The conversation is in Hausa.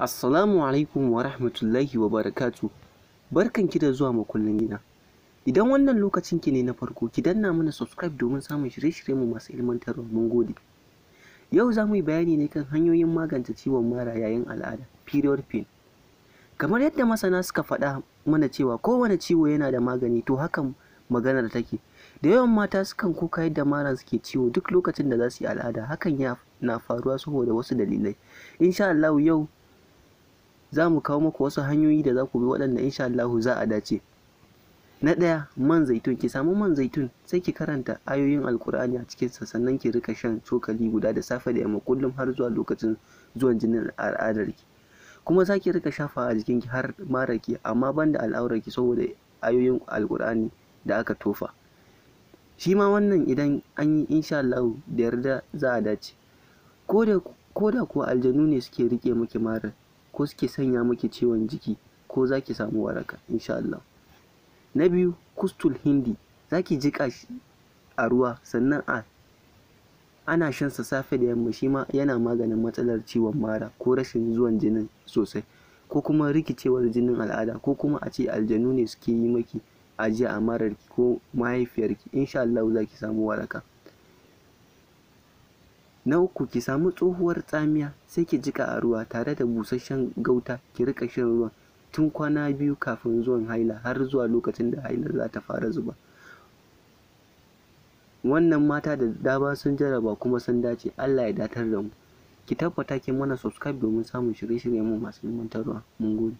Assalamu alaikum wa rahmatullahi wa barakatu. Barkan ki da zuwa makullin gida. Idan wannan lokacin ki ne na farko, ki danna mana subscribe domin samun shirye shirye mu masu ilmantarwa mun gode. Yau za mu yi bayani ne kan hanyoyin magance ciwon mara yayin al'ada, period pain. Kamar yadda masana suka faɗa mana cewa kowane ciwo yana da magani to hakan maganar take. Da yawan mata sukan kuka yadda mara suke ciwo duk lokacin da za su yi al'ada, hakan ya na faruwa saboda wasu dalilai. Insha Allah yau za mu kawo maku wasu hanyoyi da za ku bi waɗanda insha Allah za a dace na ɗaya man zaitun ki samu man zaitun sai ki karanta ayoyin alkur'ani a cikin sa sannan ki rika shan cokali guda da safe da yamma kullum har zuwa lokacin zuwan jinin al'adarki kuma za ki rika shafa a ki har mara ki amma banda ki saboda ayoyin alkur'ani da aka tofa shi ma wannan idan an yi insha Allah da yarda za a dace ko da kuwa aljanu ne suke rike maki marar ko suke sanya maki ciwon jiki ko za ki samu waraka insha Allah na biyu kustul hindi za ki jiƙa a ruwa sannan a ana shan sa safe da yamma shi ma yana maganin matsalar ciwon mara ko rashin zuwan jinin sosai ko kuma rikicewar jinin al'ada ko kuma a ce aljanu ne suke yi maki ajiya a mararki ko mahaifiyarki insha Allah za ki samu waraka Na uku ki samu tsohuwar tsamiya sai ki jika a ruwa tare da busasshen gauta ki rika shan ruwa tun kwana biyu kafin zuwan haila har zuwa lokacin da hailar za ta fara zuba. Wannan mata da dama sun jaraba kuma sun dace Allah ya datar da mu. Ki tabbata ki mana subscribe domin samun shirye-shiryen mu masu ilmantarwa. Mun gode.